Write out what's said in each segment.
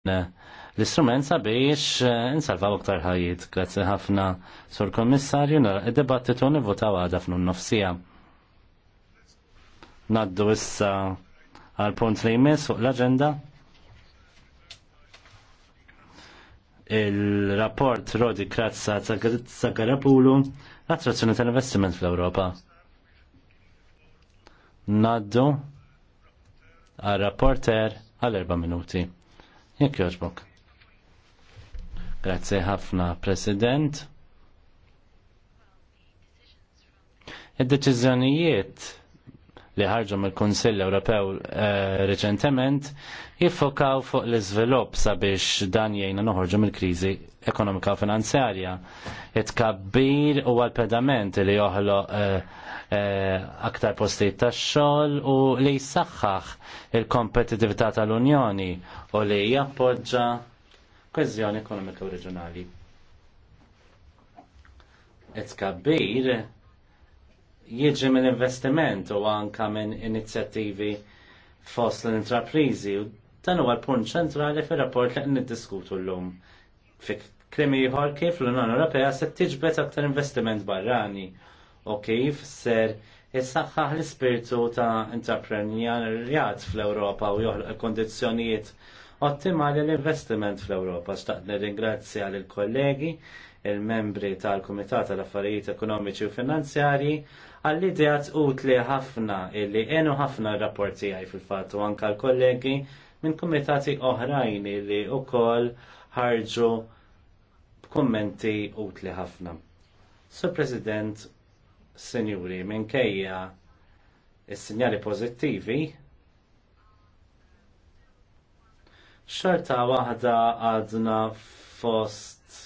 l-istrument sabiex eh, insalvaw iktar ħajjit. Grazzi ħafna sur kommissarju nara id-debattitu nivvotaw għada f'nu n nofsija. Naddu issa għal punt li jmiss fuq l-agenda. Il-rapport Rodi Krazza Zagarapulu l-attrazzjoni tal-investiment fl-Europa. Naddu għal rapporter għal erba' minuti. Jekk joġbok. Grazzi ħafna, President. Id-deċiżjonijiet li ħarġu mill kunsill Ewropew eh, reċentement jiffokaw fuq l-iżvilupp sabiex dan jgħinna noħorġu mill-kriżi ekonomika u finanzjarja. It-kabbir u għal-pedament li joħloq eh, Eh, aktar postijiet tax xogħol u li jsaħħaħ il-kompetitività tal-Unjoni u li jappoġġa kwezzjoni ekonomika u reġjonali. kabbir jiġi minn investiment u anka minn inizjattivi fost l-intraprizi u dan huwa l-punt ċentrali fir-rapport li niddiskutu llum. Fi krimi jħor kif l-Unjoni Ewropea se tiġbed aktar investiment barrani ok, fisser jessaxħaħ l-ispirtu ta' intraprenjarjat fl-Ewropa u joħloq kondizjoniet ottimali l-investiment fl-Ewropa. nir nirringrazzja l kollegi il-membri tal-Kumitat tal-Affarijiet Ekonomiċi u Finanzjarji għall-idejat utli ħafna illi enu ħafna rapporti għaj fil-fat u anka l-kollegi minn kumitati oħrajn li u koll ħarġu kommenti utli ħafna. Sur President, Senjuri, minkejja s sinjali pożittivi xorta waħda għadna fost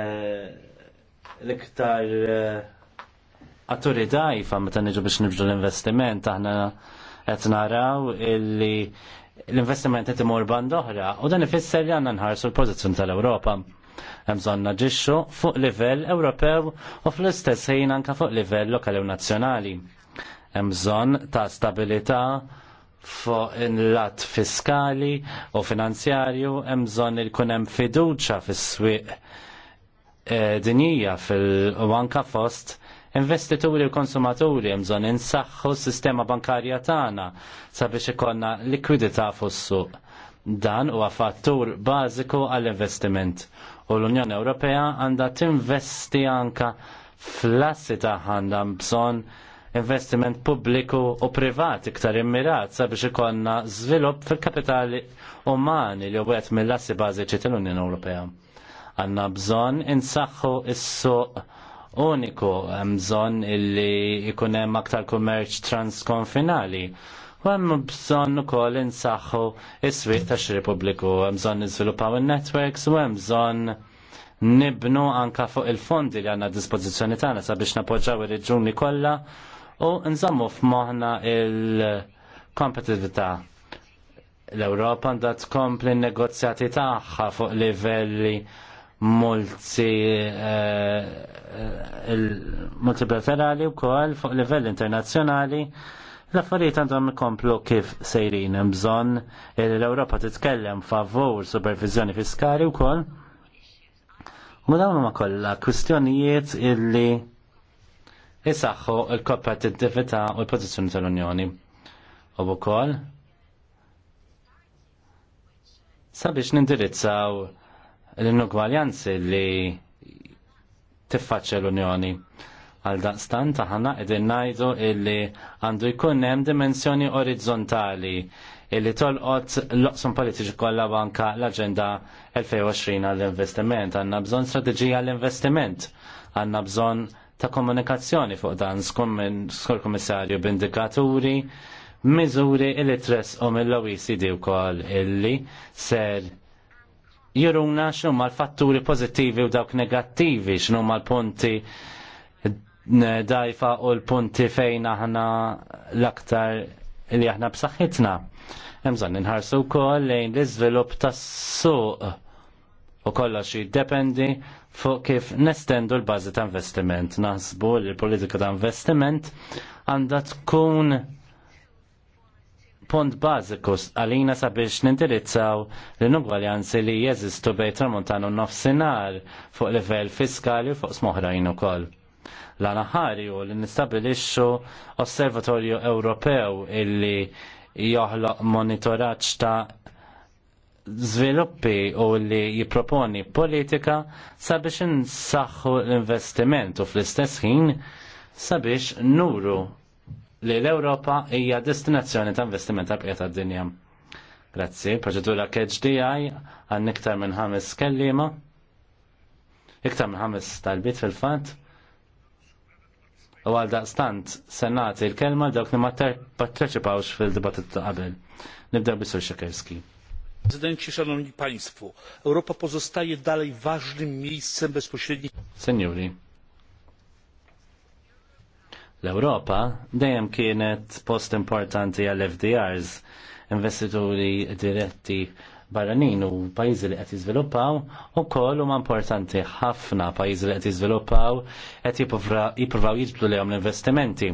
eh, l-iktar eh, atturi dajfa meta niġu biex nibġu l-investiment, aħna qed naraw illi l-investiment qed imur band oħra u dan ifisser li għandna nħarsu l pozizjon tal-Ewropa. Hemm bżonn naġixxu fuq livell Ewropew u fl-istess ħin anke fuq livell lokali u nazzjonali. Hemm bżonn ta' stabilità fuq il-lat fiskali u finanzjarju, hemm bżonn ikun hemm fiduċja fis-swieq e, dinjija fil-wanka fost investituri u konsumaturi mżon insaxħu s-sistema bankarja tagħna sabiex ikollna likwidità fuq suq Dan huwa fattur bażiku għall-investiment u l-Unjoni Ewropea għandha tinvesti anka fl-assi tagħha għandha bżonn investiment pubbliku u privat iktar immirat sabiex ikonna żvilupp fil-kapitali umani li għet mill-assi bażiċi tal-Unjoni Ewropea. Għandna bżonn insaħħu is-suq uniku, hemm bżonn illi jkun hemm aktar kummerċ transkonfinali u bżon bżonn ukoll insaħħu is-swieq tax-Repubbliku, hemm bżonn niżviluppaw in-networks u hemm bżonn nibnu anka fuq il-fondi li għandna dispożizzjoni tagħna sabiex napoġaw ir-reġuni kollha u nżammu f'moħħna il-kompetitività. L-Ewropa għandha tkompli n-negozjati tagħha fuq livelli multi eh, eh, multilaterali u koll fuq livell internazzjonali L-affarijiet għandhom ikomplu kif sejrin bżonn l-Ewropa titkellem favur supervizjoni fiskali wkoll. U dawn huma kollha kwistjonijiet illi jisaxħu l-kompetittività u l-pożizzjoni tal-Unjoni. U wkoll sabiex nindirizzaw l-inugwaljanzi li tiffaċċa l-Unjoni. Għal daqstan taħna qegħdin ngħidu illi għandu jkun hemm dimensjoni orizzontali illi tolqot l-oqsum politiċi kollha banka l-Aġenda 2020 għall-investiment. Għandna bżonn strateġija għall-investiment. Għandna bżonn ta' komunikazzjoni fuq dan minn skor komissarju b'indikaturi, miżuri illi tress u mill-OECD u koll illi ser jiruna xnumma l-fatturi pozittivi u dawk negattivi, xnumma l-punti dajfa u l-punti fejn aħna l-aktar li aħna b'saħħitna. Hemżan inħarsu wkoll lejn l-iżvilupp tas-suq u kollox jiddependi fuq kif nestendu l-bażi ta' investiment. Naħsbu li l-politika ta' investiment għandha tkun punt bażiku għalina sabiex nindirizzaw l-inugwaljanzi li jeżistu bejn tramuntana u nofsinhar fuq livell fiskali u fuq smoħrajn ukoll l-anaħari u li nistabilixxu osservatorju Ewropew illi joħloq monitoraġġ ta' żviluppi u li jipproponi politika sabiex insaħħu l-investiment u fl-istess ħin sabiex nuru li l-Ewropa hija destinazzjoni ta' investiment ta' bqiet tad-dinja. Grazzi, proċedura KHDI għan iktar minn ħames kellima, iktar minn ħames talbit fil-fatt u għal daqstant senati il-kelma dawk li ma parteċipawx fil-dibattit ta' qabel. Nibda bisur Szekerski. Prezydencie, Szanowni Państwo, Europa pozostaje dalej ważnym miejscem bezpośrednich... Seniori, l-Europa dejjem kienet post importanti għal fdrs investituri diretti barranin u pajjiżi li qed jiżviluppaw ukoll huma importanti ħafna pajjiżi li qed jiżviluppaw qed jippruvaw li għom l-investimenti.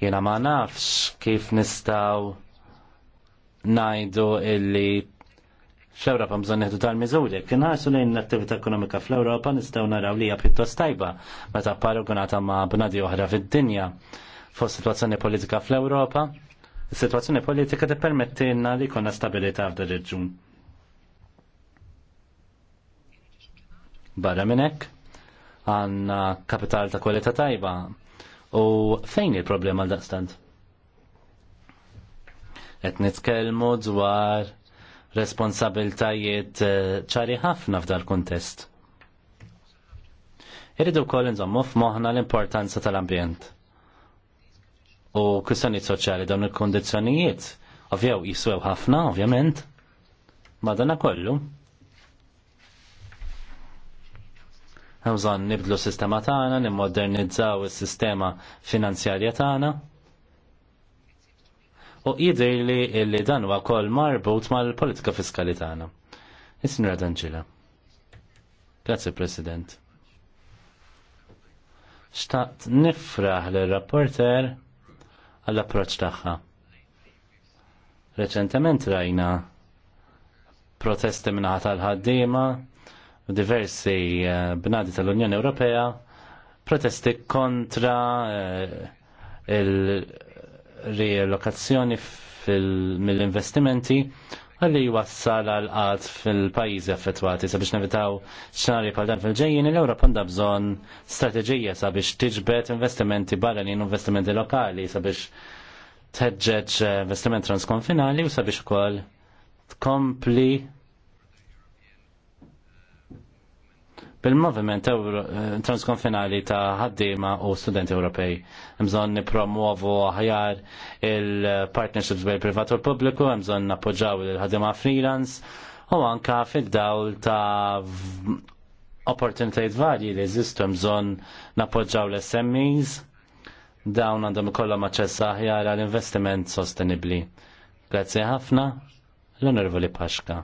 Jiena ma nafx kif nistgħu ngħidu illi fl-Europa mżon neħdu tal-mizuri. Kien ħarsu lejn l-attività ekonomika fl-Europa nistaw naraw li hija pjuttost tajba meta paragonata ma' bnadi oħra fid-dinja fost situazzjoni politika fl-Europa. Is-sitwazzjoni politika tippermettilna li jkollna stabilità f'dan reġun. reġjun Barra minnek, għanna kapital ta' kualita tajba. U fejn il-problema għal daqstant? Et nitkelmu dwar responsabiltajiet eh, ċari ħafna f'dar kontest. Irridu kol nżommu f'moħħna l-importanza tal-ambjent. U kwistjonijiet soċjali dawn il kundizzjonijiet ovvjew jiswew ħafna, ovvjament. Madana kollu, Għawżon nibdlu sistema tagħna, nimmodernizzaw is-sistema finanzjarja tagħna. U jidri li li dan huwa wkoll marbut mal-politika fiskali tagħna. Is-Sinjora Grazie President. Xtaqt nifraħ li rapporter għall-approċ tagħha. Reċentement rajna protesti minnaħat tal-ħaddima, diversi eh, bnadi tal-Unjoni Ewropea protesti kontra eh, il-relokazzjoni mill-investimenti għalli jwassal għal għad fil-pajjiżi affettwati sabiex nevitaw xnari pal dan fil-ġejjin l-Ewropa għandha bżonn strateġija sabiex tiġbed investimenti barranin u investimenti lokali sabiex tħeġġeġ eh, investiment transkonfinali u sabiex ukoll tkompli bil-moviment eh, transkonfinali ta' ħaddiema u studenti Ewropej. Mżon nipromuovu aħjar il-partnerships bejn privat u l pubbliku, mżon nappoġġaw il ħaddima freelance u anka fid-dawl ta' opportunitajt varji li jizistu, mżon nappoġġaw l-SMEs dawn għandhom ikollhom aċċess aħjar għal investiment sostenibbli. Grazzi ħafna l onorvoli Paxka.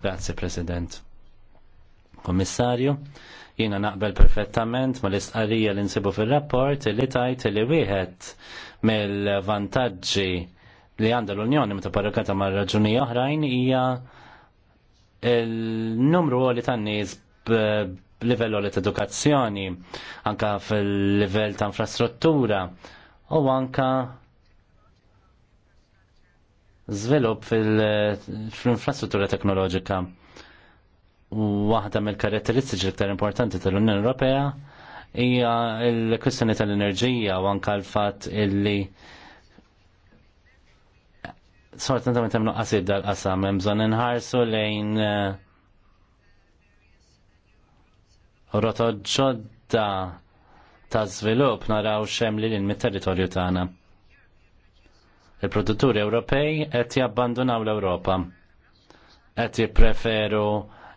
Grazie, President. Kommissarju, jina naqbel perfettament ma l-istqarrija li nsibu fil-rapport li tajt li wieħed mill-vantaġġi li għandha l-Unjoni meta parrakata ma' raġuni oħrajn hija il-numru li tan-nies b'livell li edukazzjoni, anka fil-livell ta' infrastruttura u anka żvilupp fil-infrastruttura teknoloġika. U waħda mill-karatteristiċi iktar importanti tal-Unjoni Ewropea hija l-kwistjoni tal-enerġija u anke l-fatt illi sorta ta' metem nuqqasid dal-qasam, hemm bżonn inħarsu lejn eh, rotot ġodda ta' żvilupp naraw xemm li mit-territorju tagħna. Il-produtturi Ewropej qed jabbandunaw l-Ewropa. Qed jippreferu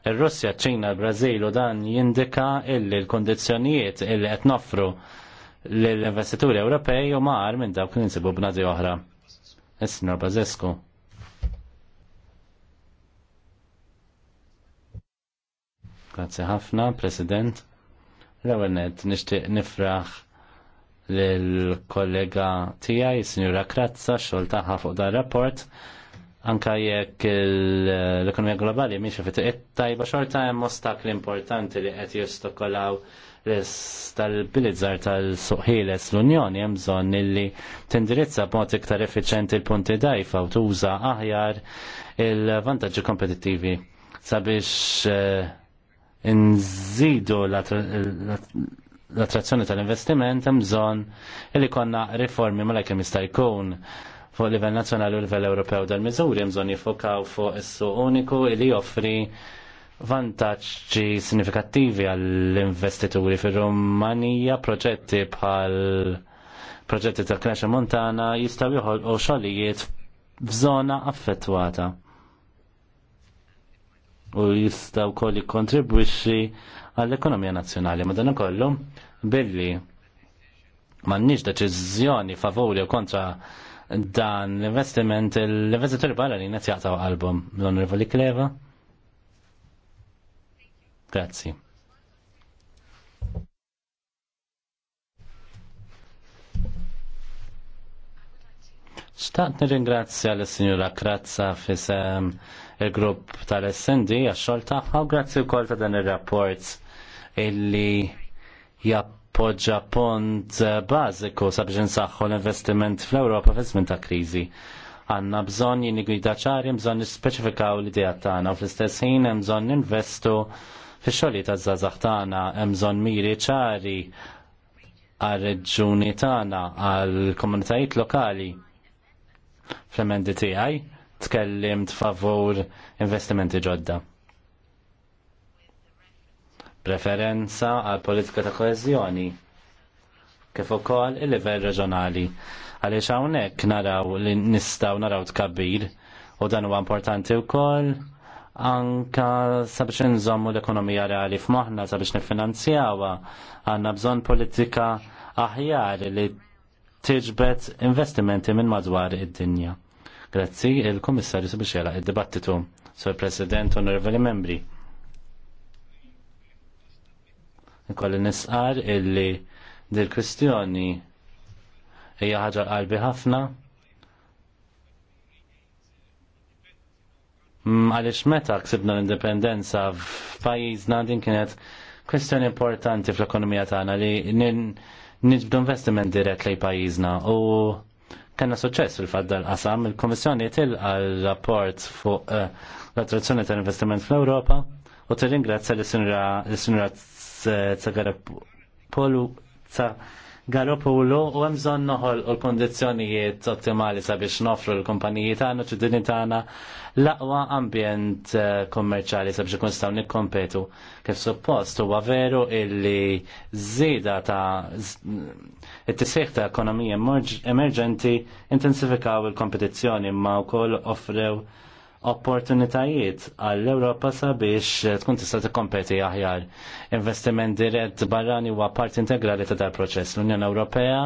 ir russja ċina, l brażil u dan jindika illi l kundizzjonijiet illi qed noffru l-investituri Ewropej u mar minn dawk li nsibu b'nadi oħra. Is-Sinor Bazescu. Grazie ħafna, President. L-ewwel nett nixtieq nifraħ l-kollega tijaj, signora Kratza xol taħħa fuq da rapport, anka jekk l-ekonomija globali miex qed tajba xorta hemm ostakli importanti li qed jistokolaw tal-bilizzar tal ħieles l-Unjoni hemm bżonn illi tindirizza b'mod iktar effiċenti l-punti dajfa u tuża aħjar il-vantaġġi kompetittivi sabiex eh, nżidu l-attrazzjoni tal-investiment hemm bżonn li konna riformi mela kemm jista' jkun fuq livell nazzjonali u livell Ewropew dal-miżuri hemm bżonn jiffokaw fuq is-suq uniku li joffri vantaġġi sinifikattivi għall-investituri fir-Rumanija proġetti bħal proġetti ta' Clash Montana jistaw joħolqu xogħlijiet f'żona affettwata. U jistaw wkoll jikkontribwixxi għall-ekonomija nazzjonali. Madan kollu billi m'għandniex deċiżjoni favori u kontra dan l-investiment l-investitori bħala qed jaqtaw qalbhom l-Onorevoli Kleva. Grazzi. Xtaqt nirringrazzja l signora Krazza fissem il-grupp tal-SND għax-xogħol tagħha u grazzi wkoll ta' dan ir-rapport illi jappoġġa pont bażiku sabiex insaħħu l-investiment fl-Ewropa żmien ta' kriżi. Għanna bżonn jinigwida ċari, bżonn nispeċifikaw l-idea tagħna u fl-istess ħin hemm bżonn ninvestu fix-xogħli ta' żgħażagħ tagħna hemm bżonn miri ċari għar reġuni tagħna għal-komunitajiet lokali fl-emendi tiegħi tkellimt favur investimenti ġodda preferenza għal politika ta' koezjoni kif ukoll il-livell reġjonali. Għaliex hawnhekk naraw li nistgħu naraw tkabbir u dan huwa importanti wkoll anka sabiex nżommu l-ekonomija reali f'moħħna sabiex nifinanzjawha għandna bżonn politika aħjar li tiġbed investimenti minn madwar id-dinja. Grazzi il-Kummissarju sabiex jelaq id-dibattitu. Sur President, Honorable membri. Nkolli nisqar illi dil-kwistjoni hija ħaġa qalbi ħafna. Mm, għaliex meta ksibna l-indipendenza f'pajjiżna din kienet kwistjoni importanti fl-ekonomija tagħna li niġbdu investiment dirett lej pajjiżna u kellna suċċess fil-fatt dal-qasam il kummissjoni tilqa l-rapport fuq eh, l-attrazzjoni tal-investiment fl-Ewropa u tirringrazzja l-Sinra Zagaropolu ta' u għemżon noħol u l kondizjonijiet ottimali sabiex nofru l-kumpaniji tagħna ċittadini tagħna l-aqwa ambjent eh, kommerċali sabiex ikun staw nikkompetu kif suppost huwa veru illi żieda ta' it-tisejħ ta' ekonomija emerġenti intensifikaw il-kompetizzjoni ma' wkoll offrew opportunitajiet għall ewropa sabiex tkun tista' tikkompeti aħjar. Investiment dirett barrani huwa parti integrali ta' dal proċess. L-Unjoni Ewropea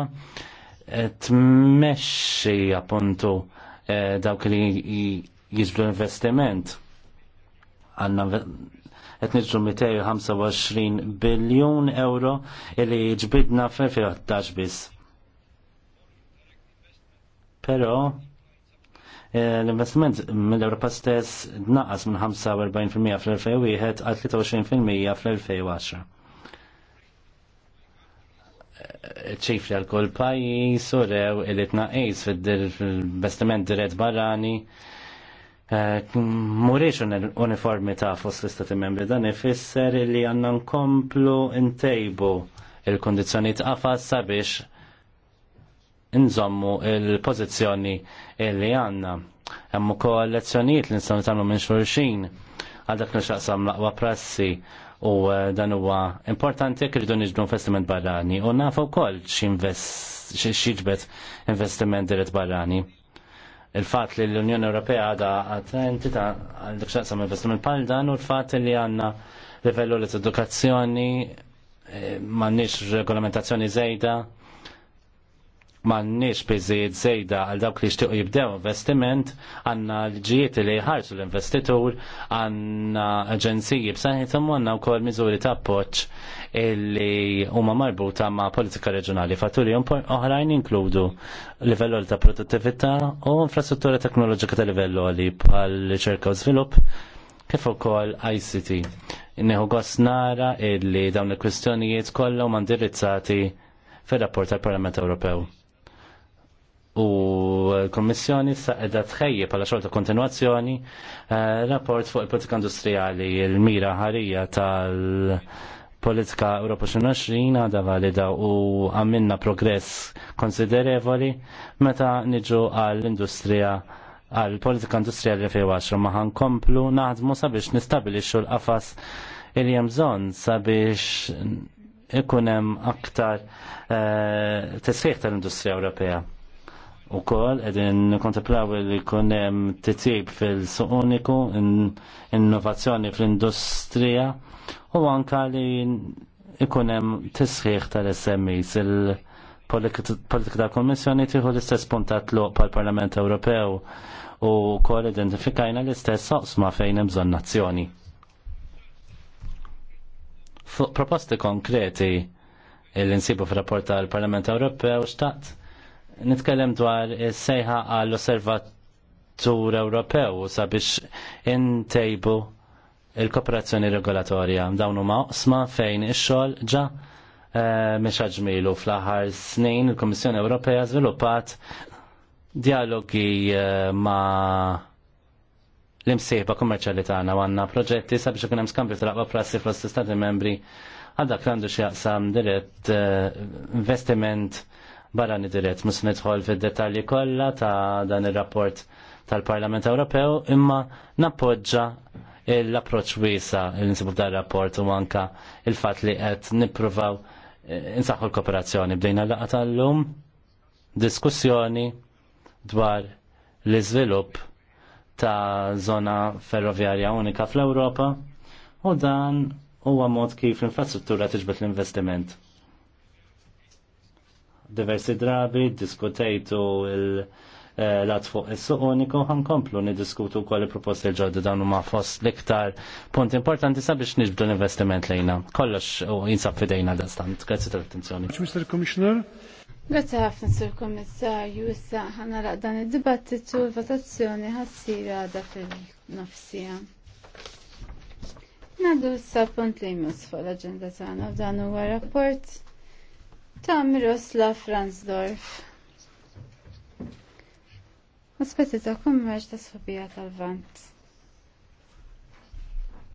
tmexxi appuntu eh, dawk li jiġbdu investiment. Għanna qed niġru 225 biljun euro li ġbidna fl-2011 biss. Pero, L-investiment mill-Europa stess naqas minn 45% fl-2001 għal 23% fl-2010. ċifri għal kol pajis u rew il-itnaqis fil-investiment dirett barrani l-uniformi eh, uniformita fost l-istati membri dan ifisser li għanna nkomplu ntejbu il-kondizjoni tqafas sabiex nżommu il-pozizjoni li għanna. Hemm ukoll lezzjonijiet li nistgħu nitagħmlu minn xulxin għal dak nixaqsam laqwa prassi u eh, dan huwa importanti jekk irridu niġbdu investiment barrani u nafu wkoll x'jiġbed investiment dirett barrani. Il-fatt li l-Unjoni Ewropea għadha attenti għal dak xaqsam investiment bħal dan u l-fatt li għandna livellu l-edukazzjoni eh, m'għandniex regolamentazzjoni żejda mannix bizzijiet zejda għal dawk li xtiq jibdew investiment, għanna l-ġijiet li ħarġu l-investitur, għanna aġenziji b'saħħithom għanna u kol miżuri ta' appoċ li huma marbuta ma' politika reġjonali. Fatturi oħrajn inkludu livello ta' produttività u infrastruttura teknoloġika ta' livello li bħal ċerka u svilup kif ukoll ICT. Inneħu gost nara illi dawn il-kwistjonijiet kollha huma indirizzati fir-rapport tal-Parlament Ewropew u l-Kommissjoni eh, sa' edha tħejje pala xolta kontinuazzjoni eh, rapport fuq il-politika industrijali il-mira ħarija tal-politika Europa 2020 għada valida u għamilna progress konsiderevoli meta niġu għall-industrija għall-politika industrijali 2010 maħan komplu naħdmu sabiex nistabilixu l-qafas il-jem sabiex ikunem aktar uh, tal-industrija Ewropea u kol edin kontemplaw li kunem titib fil-suq uniku, innovazzjoni fl-industrija u anka li ikunem tisħiħ tal smis il-politika ta' kommissjoni tiħu l-istess puntat l pal parlament Ewropew u kol identifikajna l-istess soqsma fejn hemm bżonn nazzjoni. Fuq proposti konkreti il-insibu fil-rapport tal-Parlament Ewropew xtaqt Nitkellem dwar is-sejħa għall-Osservatur Ewropew sabiex intejbu il-kooperazzjoni regolatorja dawn huma oqsma fejn ix-xogħol ġa e, mhix ġmielu fl-aħħar snin il-Kummissjoni Ewropea żviluppat dialogi eh, ma' l imsieħba kummerċjalità tagħna għandna proġetti sabiex ikun hemm skambju tal-aqwa prassi fl-istati membri għal dak għandu x'jaqsam dirett eh, investiment barra nidiret. Mus nidħol fid dettalji kollha ta' dan ir-rapport tal-Parlament Ewropew imma nappoġġa l-approċ wiesa li nsibu dar rapport u anka il-fat li qed nippruvaw eh, insaħħu l-kooperazzjoni bdejna laqa tal-lum diskussjoni dwar l-iżvilupp ta' zona ferroviarja unika fl-Ewropa u dan huwa mod kif l-infrastruttura tiġbed l-investiment diversi drabi, diskutejtu l-għat eh, fuq il-suq uniku ħankomplu nidiskutu kol proposti proposti ġodda dan ma fost l-iktar punt importanti sabiex nġbdu l-investiment lejna. Kollox u jinsab fidejna da stant. Grazie tal-attenzjoni. Mr. Commissioner. Grazie ħafna Sir Kommissarju, issa ħana raq dan id-dibattitu l-votazzjoni ħassira da fil-nofsija. Nadu issa punt li jmiss fuq l-agenda tagħna f'dan huwa rapport ta' Mirosla Franzdorf. Aspetti ta' kummerċ ta' sfobija tal-vant.